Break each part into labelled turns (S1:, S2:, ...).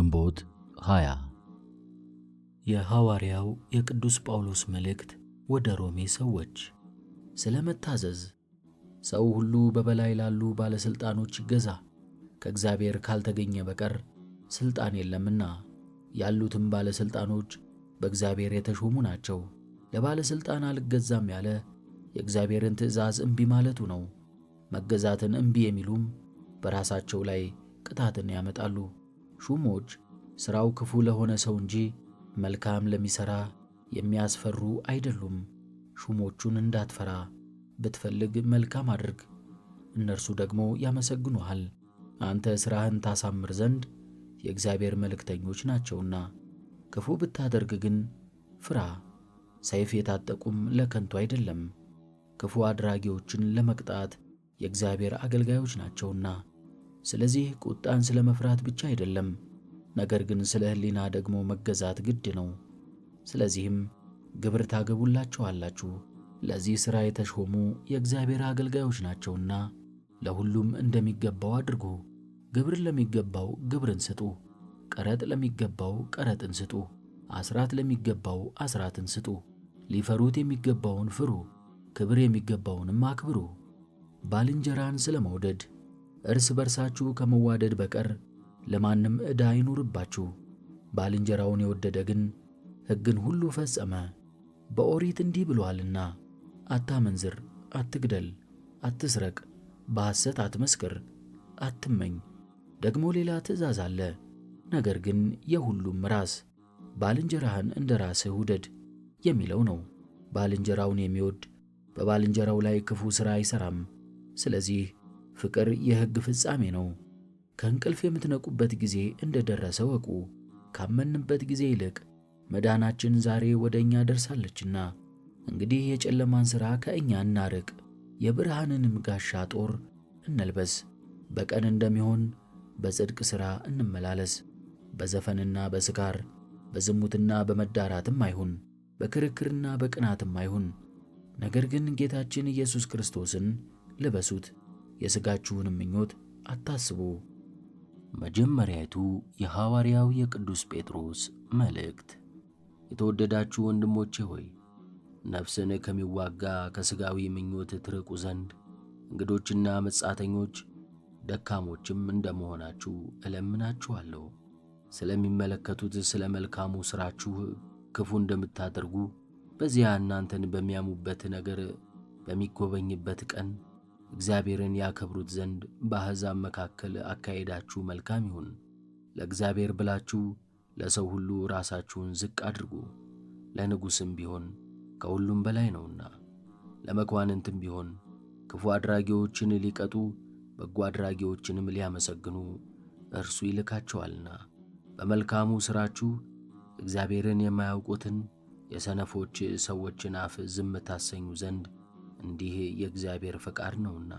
S1: ግንቦት 20 የሐዋርያው የቅዱስ ጳውሎስ መልእክት ወደ ሮሜ ሰዎች ስለ መታዘዝ። ሰው ሁሉ በበላይ ላሉ ባለሥልጣኖች ይገዛ፣ ከእግዚአብሔር ካልተገኘ በቀር ሥልጣን የለምና። ያሉትም ባለሥልጣኖች በእግዚአብሔር የተሾሙ ናቸው። ለባለሥልጣን አልገዛም ያለ የእግዚአብሔርን ትእዛዝ እምቢ ማለቱ ነው። መገዛትን እምቢ የሚሉም በራሳቸው ላይ ቅጣትን ያመጣሉ። ሹሞች ሥራው ክፉ ለሆነ ሰው እንጂ መልካም ለሚሠራ የሚያስፈሩ አይደሉም። ሹሞቹን እንዳትፈራ፣ ብትፈልግ መልካም አድርግ፣ እነርሱ ደግሞ ያመሰግኑሃል። አንተ ሥራህን ታሳምር ዘንድ የእግዚአብሔር መልእክተኞች ናቸውና። ክፉ ብታደርግ ግን ፍራ፣ ሰይፍ የታጠቁም ለከንቱ አይደለም፣ ክፉ አድራጊዎችን ለመቅጣት የእግዚአብሔር አገልጋዮች ናቸውና። ስለዚህ ቁጣን ስለ መፍራት ብቻ አይደለም፣ ነገር ግን ስለ ሕሊና ደግሞ መገዛት ግድ ነው። ስለዚህም ግብር ታገቡላችኋላችሁ፣ ለዚህ ሥራ የተሾሙ የእግዚአብሔር አገልጋዮች ናቸውና ለሁሉም እንደሚገባው አድርጉ። ግብር ለሚገባው ግብርን ስጡ፣ ቀረጥ ለሚገባው ቀረጥን ስጡ፣ አስራት ለሚገባው አስራትን ስጡ። ሊፈሩት የሚገባውን ፍሩ፣ ክብር የሚገባውንም አክብሩ። ባልንጀራን ስለ መውደድ እርስ በርሳችሁ ከመዋደድ በቀር ለማንም ዕዳ አይኑርባችሁ። ባልንጀራውን የወደደ ግን ሕግን ሁሉ ፈጸመ። በኦሪት እንዲህ ብሏልና አታመንዝር፣ አትግደል፣ አትስረቅ፣ በሐሰት አትመስክር፣ አትመኝ። ደግሞ ሌላ ትእዛዝ አለ። ነገር ግን የሁሉም ራስ ባልንጀራህን እንደ ራስህ ውደድ የሚለው ነው። ባልንጀራውን የሚወድ በባልንጀራው ላይ ክፉ ሥራ አይሠራም። ስለዚህ ፍቅር የሕግ ፍጻሜ ነው። ከእንቅልፍ የምትነቁበት ጊዜ ደረሰ ወቁ። ካመንበት ጊዜ ይልቅ መዳናችን ዛሬ ወደ እኛ ደርሳለችና እንግዲህ የጨለማን ሥራ ከእኛ እናርቅ፣ የብርሃንንም ጋሻ ጦር እንልበስ። በቀን እንደሚሆን በጽድቅ ሥራ እንመላለስ። በዘፈንና በስካር በዝሙትና በመዳራትም አይሁን፣ በክርክርና በቅናትም አይሁን። ነገር ግን ጌታችን ኢየሱስ ክርስቶስን ልበሱት። የሥጋችሁንም ምኞት አታስቡ። መጀመሪያይቱ የሐዋርያው የቅዱስ ጴጥሮስ መልእክት። የተወደዳችሁ ወንድሞቼ ሆይ ነፍስን ከሚዋጋ ከሥጋዊ ምኞት ትርቁ ዘንድ እንግዶችና መጻተኞች ደካሞችም እንደመሆናችሁ እለምናችኋለሁ። ስለሚመለከቱት ስለ መልካሙ ሥራችሁ ክፉ እንደምታደርጉ በዚያ እናንተን በሚያሙበት ነገር በሚጎበኝበት ቀን እግዚአብሔርን ያከብሩት ዘንድ በአሕዛብ መካከል አካሄዳችሁ መልካም ይሁን። ለእግዚአብሔር ብላችሁ ለሰው ሁሉ ራሳችሁን ዝቅ አድርጉ፣ ለንጉሥም ቢሆን ከሁሉም በላይ ነውና። ለመኳንንትም ቢሆን ክፉ አድራጊዎችን ሊቀጡ በጎ አድራጊዎችንም ሊያመሰግኑ እርሱ ይልካቸዋልና። በመልካሙ ሥራችሁ እግዚአብሔርን የማያውቁትን የሰነፎች ሰዎችን አፍ ዝም ታሰኙ ዘንድ እንዲህ የእግዚአብሔር ፈቃድ ነውና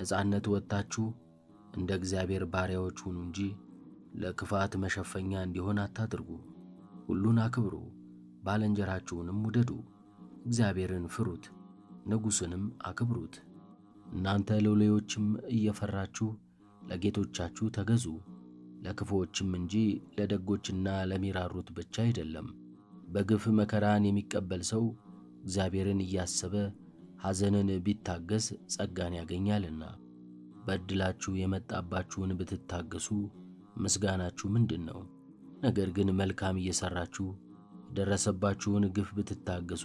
S1: ነፃነት ወጥታችሁ እንደ እግዚአብሔር ባሪያዎች ሁኑ እንጂ ለክፋት መሸፈኛ እንዲሆን አታድርጉ። ሁሉን አክብሩ፣ ባለንጀራችሁንም ውደዱ፣ እግዚአብሔርን ፍሩት፣ ንጉሥንም አክብሩት። እናንተ ሎሌዎችም እየፈራችሁ ለጌቶቻችሁ ተገዙ፣ ለክፉዎችም እንጂ ለደጎችና ለሚራሩት ብቻ አይደለም። በግፍ መከራን የሚቀበል ሰው እግዚአብሔርን እያሰበ ሐዘንን ቢታገስ ጸጋን ያገኛልና በድላችሁ የመጣባችሁን ብትታገሱ ምስጋናችሁ ምንድን ነው? ነገር ግን መልካም እየሰራችሁ የደረሰባችሁን ግፍ ብትታገሱ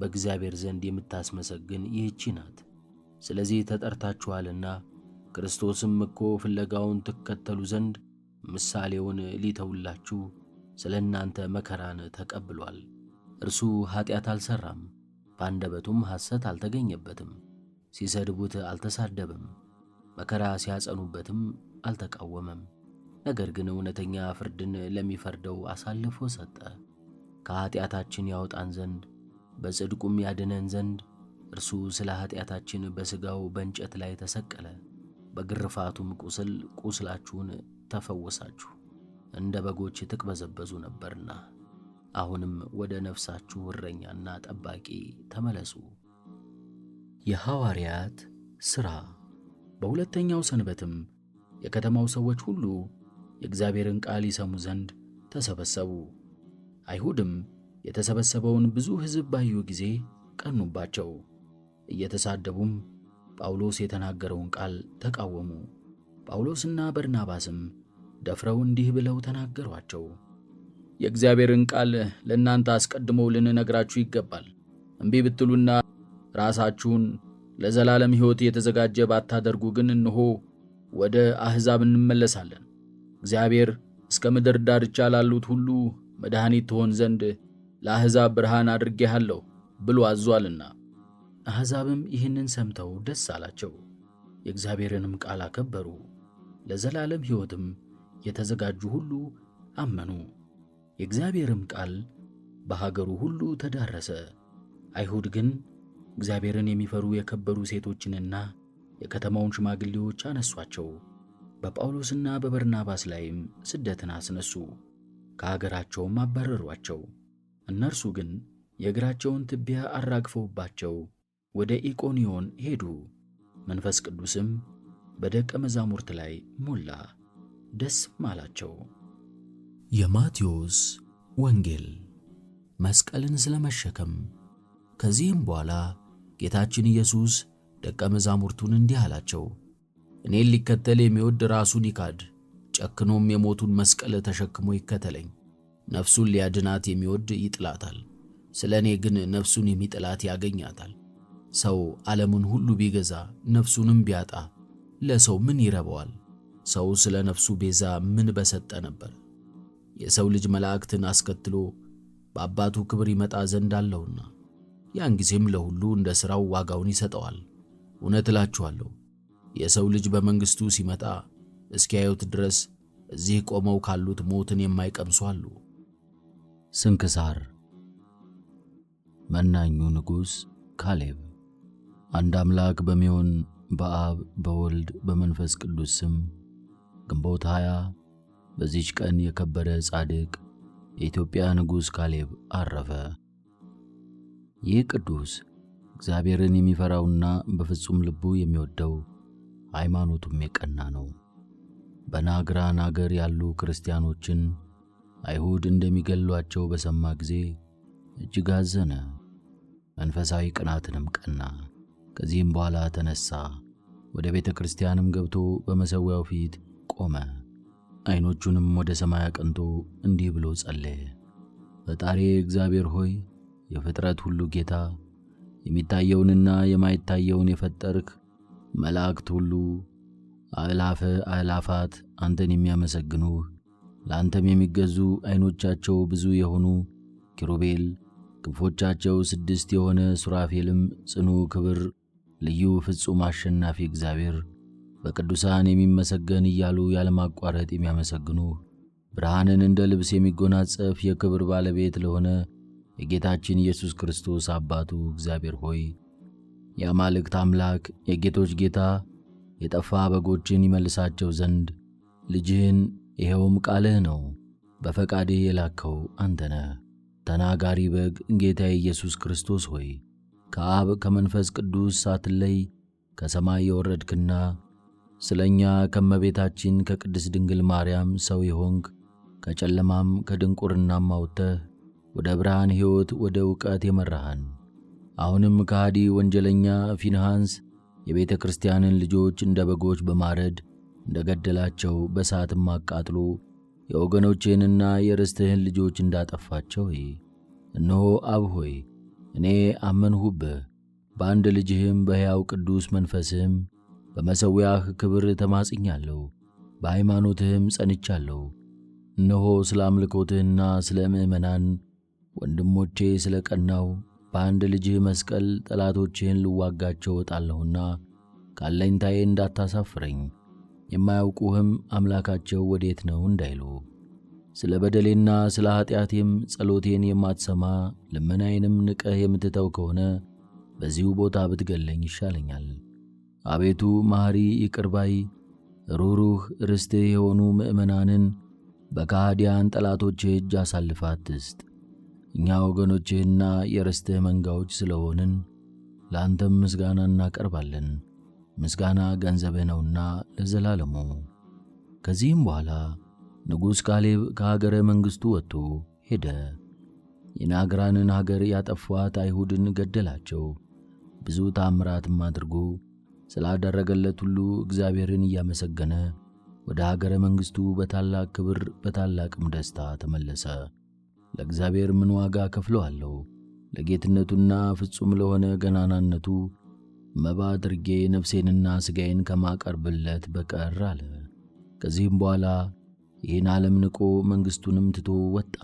S1: በእግዚአብሔር ዘንድ የምታስመሰግን ይህቺ ናት። ስለዚህ ተጠርታችኋልና ክርስቶስም እኮ ፍለጋውን ትከተሉ ዘንድ ምሳሌውን ሊተውላችሁ ስለ እናንተ መከራን ተቀብሏል። እርሱ ኀጢአት አልሠራም በአንደበቱም ሐሰት አልተገኘበትም። ሲሰድቡት አልተሳደበም። መከራ ሲያጸኑበትም አልተቃወመም። ነገር ግን እውነተኛ ፍርድን ለሚፈርደው አሳልፎ ሰጠ። ከኀጢአታችን ያወጣን ዘንድ በጽድቁም ያድነን ዘንድ እርሱ ስለ ኀጢአታችን በሥጋው በእንጨት ላይ ተሰቀለ። በግርፋቱም ቁስል ቁስላችሁን ተፈወሳችሁ። እንደ በጎች ትቅበዘበዙ ነበርና አሁንም ወደ ነፍሳችሁ እረኛና ጠባቂ ተመለሱ። የሐዋርያት ሥራ። በሁለተኛው ሰንበትም የከተማው ሰዎች ሁሉ የእግዚአብሔርን ቃል ይሰሙ ዘንድ ተሰበሰቡ። አይሁድም የተሰበሰበውን ብዙ ሕዝብ ባዩ ጊዜ ቀኑባቸው፣ እየተሳደቡም ጳውሎስ የተናገረውን ቃል ተቃወሙ። ጳውሎስና በርናባስም ደፍረው እንዲህ ብለው ተናገሯቸው የእግዚአብሔርን ቃል ለእናንተ አስቀድሞ ልንነግራችሁ ይገባል። እምቢ ብትሉና ራሳችሁን ለዘላለም ሕይወት የተዘጋጀ ባታደርጉ ግን እንሆ ወደ አሕዛብ እንመለሳለን። እግዚአብሔር እስከ ምድር ዳርቻ ላሉት ሁሉ መድኃኒት ትሆን ዘንድ ለአሕዛብ ብርሃን አድርጌሃለሁ ብሎ አዟልና። አሕዛብም ይህንን ሰምተው ደስ አላቸው፣ የእግዚአብሔርንም ቃል አከበሩ፣ ለዘላለም ሕይወትም የተዘጋጁ ሁሉ አመኑ። የእግዚአብሔርም ቃል በሀገሩ ሁሉ ተዳረሰ። አይሁድ ግን እግዚአብሔርን የሚፈሩ የከበሩ ሴቶችንና የከተማውን ሽማግሌዎች አነሷቸው። በጳውሎስና በበርናባስ ላይም ስደትን አስነሱ፣ ከአገራቸውም አባረሯቸው። እነርሱ ግን የእግራቸውን ትቢያ አራግፈውባቸው ወደ ኢቆንዮን ሄዱ። መንፈስ ቅዱስም በደቀ መዛሙርት ላይ ሞላ፣ ደስም አላቸው። የማቴዎስ ወንጌል መስቀልን ስለመሸከም። ከዚህም በኋላ ጌታችን ኢየሱስ ደቀ መዛሙርቱን እንዲህ አላቸው፣ እኔን ሊከተል የሚወድ ራሱን ይካድ፣ ጨክኖም የሞቱን መስቀል ተሸክሞ ይከተለኝ። ነፍሱን ሊያድናት የሚወድ ይጥላታል፣ ስለ እኔ ግን ነፍሱን የሚጥላት ያገኛታል። ሰው ዓለሙን ሁሉ ቢገዛ ነፍሱንም ቢያጣ ለሰው ምን ይረባዋል? ሰው ስለ ነፍሱ ቤዛ ምን በሰጠ ነበር? የሰው ልጅ መላእክትን አስከትሎ በአባቱ ክብር ይመጣ ዘንድ አለውና ያን ጊዜም ለሁሉ እንደ ሥራው ዋጋውን ይሰጠዋል። እውነት እላችኋለሁ የሰው ልጅ በመንግሥቱ ሲመጣ እስኪያዩት ድረስ እዚህ ቆመው ካሉት ሞትን የማይቀምሱ አሉ። ስንክሳር መናኙ ንጉሥ ካሌብ። አንድ አምላክ በሚሆን በአብ በወልድ በመንፈስ ቅዱስ ስም ግንቦት 20 በዚች ቀን የከበረ ጻድቅ የኢትዮጵያ ንጉሥ ካሌብ አረፈ። ይህ ቅዱስ እግዚአብሔርን የሚፈራውና በፍጹም ልቡ የሚወደው ሃይማኖቱም የቀና ነው። በናግራን አገር ያሉ ክርስቲያኖችን አይሁድ እንደሚገሏቸው በሰማ ጊዜ እጅግ አዘነ፣ መንፈሳዊ ቅናትንም ቀና። ከዚህም በኋላ ተነሳ፣ ወደ ቤተ ክርስቲያንም ገብቶ በመሠዊያው ፊት ቆመ። ዐይኖቹንም ወደ ሰማይ አቅንቶ እንዲህ ብሎ ጸለየ። ፈጣሪ እግዚአብሔር ሆይ የፍጥረት ሁሉ ጌታ፣ የሚታየውንና የማይታየውን የፈጠርክ መላእክት ሁሉ አእላፈ አእላፋት አንተን የሚያመሰግኑህ ለአንተም የሚገዙ ዐይኖቻቸው ብዙ የሆኑ ኪሩቤል ክንፎቻቸው ስድስት የሆነ ሱራፌልም ጽኑ ክብር ልዩ ፍጹም አሸናፊ እግዚአብሔር በቅዱሳን የሚመሰገን እያሉ ያለማቋረጥ የሚያመሰግኑ ብርሃንን እንደ ልብስ የሚጎናጸፍ የክብር ባለቤት ለሆነ የጌታችን ኢየሱስ ክርስቶስ አባቱ እግዚአብሔር ሆይ የአማልክት አምላክ የጌቶች ጌታ የጠፋ በጎችን ይመልሳቸው ዘንድ ልጅህን ይኸውም ቃልህ ነው በፈቃድህ የላከው አንተነ ተናጋሪ በግ ጌታዬ ኢየሱስ ክርስቶስ ሆይ ከአብ ከመንፈስ ቅዱስ ሳትለይ ከሰማይ የወረድክና ስለ እኛ ከመቤታችን ከቅድስት ድንግል ማርያም ሰው የሆንክ ከጨለማም ከድንቁርናም አውጥተህ ወደ ብርሃን ሕይወት ወደ ዕውቀት የመራሃን አሁንም ከሃዲ ወንጀለኛ ፊንሃንስ የቤተ ክርስቲያንን ልጆች እንደ በጎች በማረድ እንደ ገደላቸው በሳትም አቃጥሎ የወገኖቼንና የርስትህን ልጆች እንዳጠፋቸው እነሆ አብ ሆይ እኔ አመንሁብህ፣ በአንድ ልጅህም በሕያው ቅዱስ መንፈስህም በመሠዊያህ ክብር ተማጽኛለሁ፣ በሃይማኖትህም ጸንቻለሁ። እነሆ ስለ አምልኮትህና ስለ ምዕመናን ወንድሞቼ ስለ ቀናው በአንድ ልጅህ መስቀል ጠላቶችህን ልዋጋቸው እወጣለሁና ካለኝታዬ እንዳታሳፍረኝ የማያውቁህም አምላካቸው ወዴት ነው እንዳይሉ ስለ በደሌና ስለ ኀጢአቴም ጸሎቴን የማትሰማ ልመናዬንም ንቀህ የምትተው ከሆነ በዚሁ ቦታ ብትገለኝ ይሻለኛል። አቤቱ ማሪ ይቅርባይ ሩሩህ ርስቴ የሆኑ ምእመናንን በካህዲያን ጠላቶች እጅ አሳልፋት ትስጥ እኛ ወገኖችህና የርስትህ መንጋዎች ስለሆንን ለአንተም ምስጋና እናቀርባለን። ምስጋና ገንዘብህ ነውና ለዘላለሙ። ከዚህም በኋላ ንጉሥ ካሌብ ከሀገረ መንግሥቱ ወጥቶ ሄደ። የናግራንን ሀገር ያጠፏት አይሁድን ገደላቸው። ብዙ ታምራትም አድርጎ ስላደረገለት ሁሉ እግዚአብሔርን እያመሰገነ ወደ ሀገረ መንግሥቱ በታላቅ ክብር በታላቅም ደስታ ተመለሰ። ለእግዚአብሔር ምን ዋጋ ከፍለዋለሁ? ለጌትነቱና ፍጹም ለሆነ ገናናነቱ መባ አድርጌ ነፍሴንና ሥጋዬን ከማቀርብለት በቀር አለ። ከዚህም በኋላ ይህን ዓለም ንቆ መንግሥቱንም ትቶ ወጣ።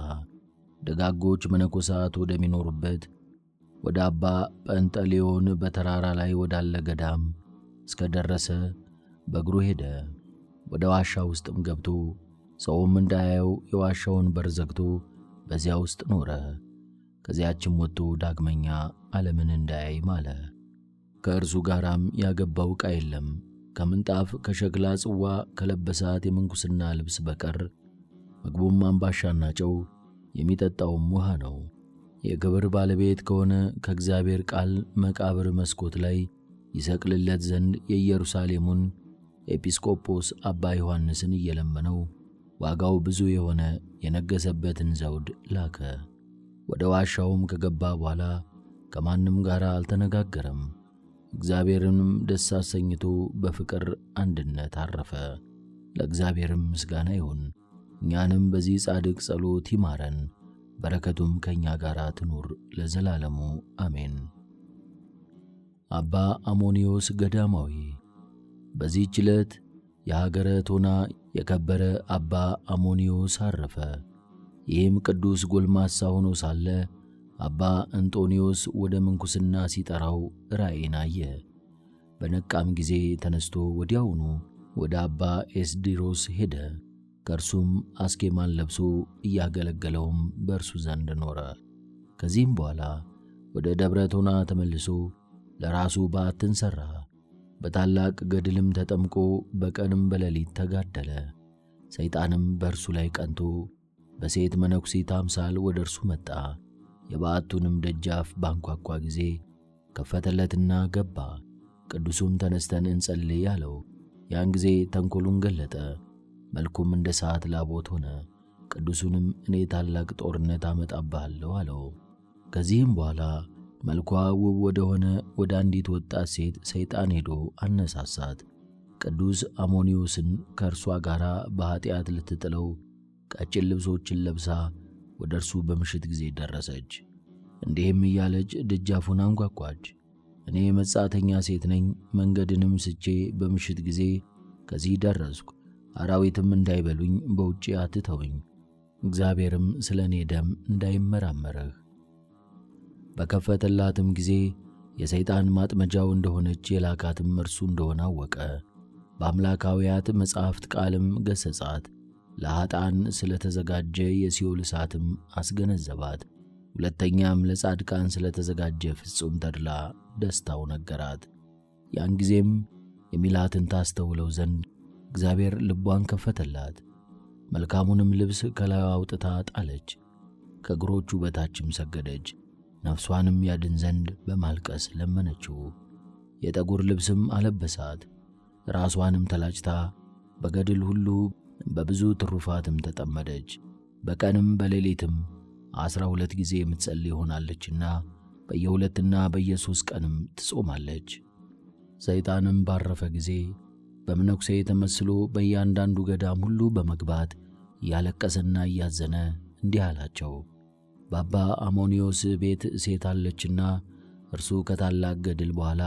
S1: ደጋጎች መነኮሳት ወደሚኖሩበት ወደ አባ ጰንጠሌዎን በተራራ ላይ ወዳለ ገዳም እስከ ደረሰ በእግሩ ሄደ። ወደ ዋሻ ውስጥም ገብቶ ሰውም እንዳያየው የዋሻውን በር ዘግቶ በዚያ ውስጥ ኖረ። ከዚያችም ወጥቶ ዳግመኛ ዓለምን እንዳያይ ማለ። ከእርሱ ጋራም ያገባው ዕቃ የለም ከምንጣፍ ከሸክላ ጽዋ ከለበሳት የምንኩስና ልብስ በቀር ምግቡም አምባሻና ጨው የሚጠጣውም ውሃ ነው። የግብር ባለቤት ከሆነ ከእግዚአብሔር ቃል መቃብር መስኮት ላይ ይሰቅልለት ዘንድ የኢየሩሳሌሙን ኤጲስቆጶስ አባ ዮሐንስን እየለመነው ዋጋው ብዙ የሆነ የነገሰበትን ዘውድ ላከ። ወደ ዋሻውም ከገባ በኋላ ከማንም ጋር አልተነጋገረም። እግዚአብሔርንም ደስ አሰኝቶ በፍቅር አንድነት አረፈ። ለእግዚአብሔርም ምስጋና ይሁን፣ እኛንም በዚህ ጻድቅ ጸሎት ይማረን፣ በረከቱም ከእኛ ጋር ትኑር ለዘላለሙ አሜን። አባ አሞኒዮስ ገዳማዊ። በዚህች ዕለት የሀገረ ቶና የከበረ አባ አሞኒዮስ አረፈ። ይህም ቅዱስ ጎልማሳ ሆኖ ሳለ አባ አንቶኒዮስ ወደ ምንኩስና ሲጠራው ራእይን አየ። በነቃም ጊዜ ተነስቶ ወዲያውኑ ወደ አባ ኤስዲሮስ ሄደ። ከእርሱም አስኬማን ለብሶ እያገለገለውም በእርሱ ዘንድ ኖረ። ከዚህም በኋላ ወደ ደብረ ቶና ተመልሶ ለራሱ በዓትን ሠራ። በታላቅ ገድልም ተጠምቆ በቀንም በሌሊት ተጋደለ። ሰይጣንም በእርሱ ላይ ቀንቶ በሴት መነኩሴት አምሳል ወደ እርሱ መጣ። የበዓቱንም ደጃፍ ባንኳኳ ጊዜ ከፈተለትና ገባ። ቅዱሱም ተነስተን እንጸልይ አለው። ያን ጊዜ ተንኮሉን ገለጠ። መልኩም እንደ ሰዓት ላቦት ሆነ። ቅዱሱንም እኔ ታላቅ ጦርነት አመጣብሃለሁ አለው። ከዚህም በኋላ መልኳ ውብ ወደሆነ ወደ አንዲት ወጣት ሴት ሰይጣን ሄዶ አነሳሳት። ቅዱስ አሞኒዮስን ከእርሷ ጋር በኀጢአት ልትጥለው ቀጭን ልብሶችን ለብሳ ወደ እርሱ በምሽት ጊዜ ደረሰች። እንዲህም እያለች ደጃፉን አንጓጓች። እኔ መጻተኛ ሴት ነኝ፣ መንገድንም ስቼ በምሽት ጊዜ ከዚህ ደረስኩ። አራዊትም እንዳይበሉኝ በውጪ አትተውኝ፣ እግዚአብሔርም ስለ እኔ ደም እንዳይመራመረህ በከፈተላትም ጊዜ የሰይጣን ማጥመጃው እንደሆነች የላካትም እርሱ እንደሆነ አወቀ። በአምላካውያት መጻሕፍት ቃልም ገሰጻት ለኀጣን ስለ ተዘጋጀ የሲኦል እሳትም አስገነዘባት። ሁለተኛም ለጻድቃን ስለ ተዘጋጀ ፍጹም ተድላ ደስታው ነገራት። ያን ጊዜም የሚላትን ታስተውለው ዘንድ እግዚአብሔር ልቧን ከፈተላት። መልካሙንም ልብስ ከላዩ አውጥታ ጣለች፣ ከእግሮቹ በታችም ሰገደች። ነፍሷንም ያድን ዘንድ በማልቀስ ለመነችው። የጠጉር ልብስም አለበሳት። ራሷንም ተላጭታ በገድል ሁሉ በብዙ ትሩፋትም ተጠመደች። በቀንም በሌሊትም ዐሥራ ሁለት ጊዜ የምትጸልይ ይሆናለችና በየሁለትና በየሦስት ቀንም ትጾማለች። ሰይጣንም ባረፈ ጊዜ በመነኩሴ ተመስሎ በእያንዳንዱ ገዳም ሁሉ በመግባት እያለቀሰና እያዘነ እንዲህ አላቸው። በአባ አሞኒዮስ ቤት ሴት አለችና እርሱ ከታላቅ ገድል በኋላ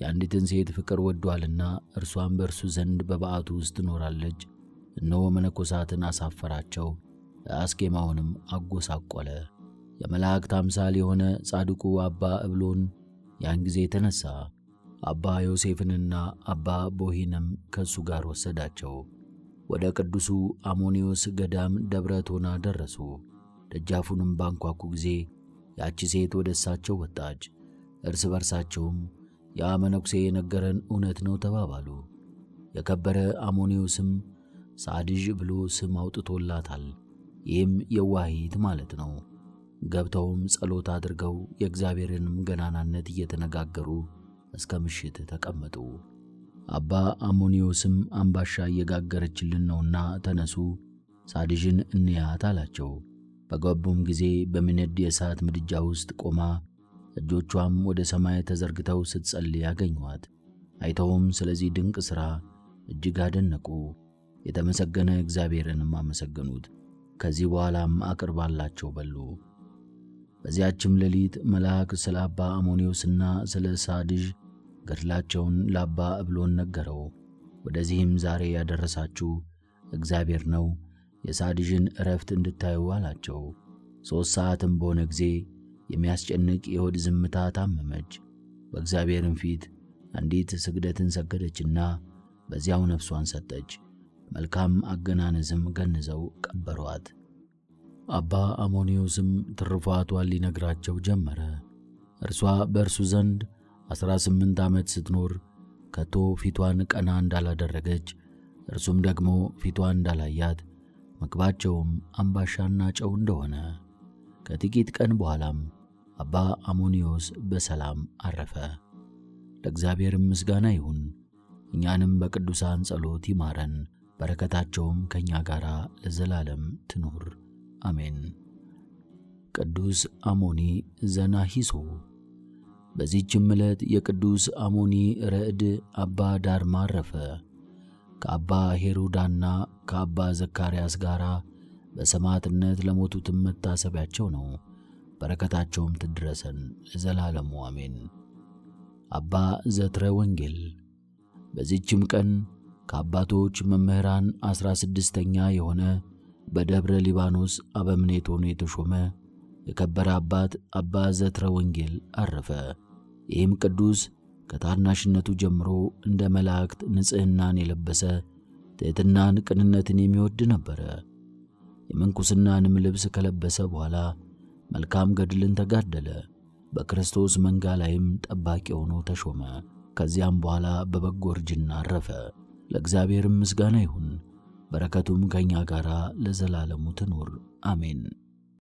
S1: የአንዲትን ሴት ፍቅር ወዷልና እርሷም በእርሱ ዘንድ በበዓቱ ውስጥ ትኖራለች። እነሆ መነኮሳትን አሳፈራቸው፣ አስኬማውንም አጎሳቆለ። የመላእክት አምሳል የሆነ ጻድቁ አባ እብሎን ያን ጊዜ ተነሳ አባ ዮሴፍንና አባ ቦሂንም ከእሱ ጋር ወሰዳቸው። ወደ ቅዱሱ አሞኒዮስ ገዳም ደብረ ቶና ደረሱ። ደጃፉንም ባንኳኩ ጊዜ ያቺ ሴት ወደ እሳቸው ወጣች። እርስ በርሳቸውም ያ መነኩሴ የነገረን እውነት ነው ተባባሉ። የከበረ አሞኒዮስም ሳድዥ ብሎ ስም አውጥቶላታል። ይህም የዋሂት ማለት ነው። ገብተውም ጸሎት አድርገው የእግዚአብሔርንም ገናናነት እየተነጋገሩ እስከ ምሽት ተቀመጡ። አባ አሞኒዮስም አምባሻ እየጋገረችልን ነውና ተነሱ፣ ሳድዥን እንያት አላቸው። በገቡም ጊዜ በሚነድ የእሳት ምድጃ ውስጥ ቆማ እጆቿም ወደ ሰማይ ተዘርግተው ስትጸልይ አገኟት። አይተውም ስለዚህ ድንቅ ሥራ እጅግ አደነቁ። የተመሰገነ እግዚአብሔርንም አመሰገኑት። ከዚህ በኋላም አቅርባላቸው በሉ። በዚያችም ሌሊት መልአክ ስለ አባ አሞኔዎስና ስለ ሳድዥ ገድላቸውን ለአባ እብሎን ነገረው። ወደዚህም ዛሬ ያደረሳችሁ እግዚአብሔር ነው የሳድዥን እረፍት እንድታዩ አላቸው። ሦስት ሰዓትም በሆነ ጊዜ የሚያስጨንቅ የሆድ ዝምታ ታመመች። በእግዚአብሔርም ፊት አንዲት ስግደትን ሰገደችና በዚያው ነፍሷን ሰጠች። መልካም አገናነዝም ገንዘው ቀበሯት። አባ አሞኒዮስም ትሩፋቷን ሊነግራቸው ጀመረ። እርሷ በእርሱ ዘንድ ዐሥራ ስምንት ዓመት ስትኖር ከቶ ፊቷን ቀና እንዳላደረገች እርሱም ደግሞ ፊቷን እንዳላያት ምግባቸውም አምባሻና ጨው እንደሆነ። ከጥቂት ቀን በኋላም አባ አሞኒዮስ በሰላም አረፈ። ለእግዚአብሔርም ምስጋና ይሁን፣ እኛንም በቅዱሳን ጸሎት ይማረን፣ በረከታቸውም ከእኛ ጋር ለዘላለም ትኑር አሜን። ቅዱስ አሞኒ ዘናሂሶ። በዚህችም ዕለት የቅዱስ አሞኒ ረዕድ አባ ዳርማ አረፈ። ከአባ ሄሮዳና ከአባ ዘካርያስ ጋር በሰማዕትነት ለሞቱት መታሰቢያቸው ነው። በረከታቸውም ትድረሰን ለዘላለሙ አሜን። አባ ዘትረ ወንጌል። በዚህችም ቀን ከአባቶች መምህራን ዐሥራ ስድስተኛ የሆነ በደብረ ሊባኖስ አበምኔት ሆኖ የተሾመ የከበረ አባት አባ ዘትረ ወንጌል አረፈ። ይህም ቅዱስ ከታናሽነቱ ጀምሮ እንደ መላእክት ንጽሕናን የለበሰ ትሕትናን፣ ቅንነትን የሚወድ ነበረ። የምንኩስናንም ልብስ ከለበሰ በኋላ መልካም ገድልን ተጋደለ። በክርስቶስ መንጋ ላይም ጠባቂ ሆኖ ተሾመ። ከዚያም በኋላ በበጎ እርጅና አረፈ። ለእግዚአብሔርም ምስጋና ይሁን፣ በረከቱም ከእኛ ጋር ለዘላለሙ ትኑር አሜን።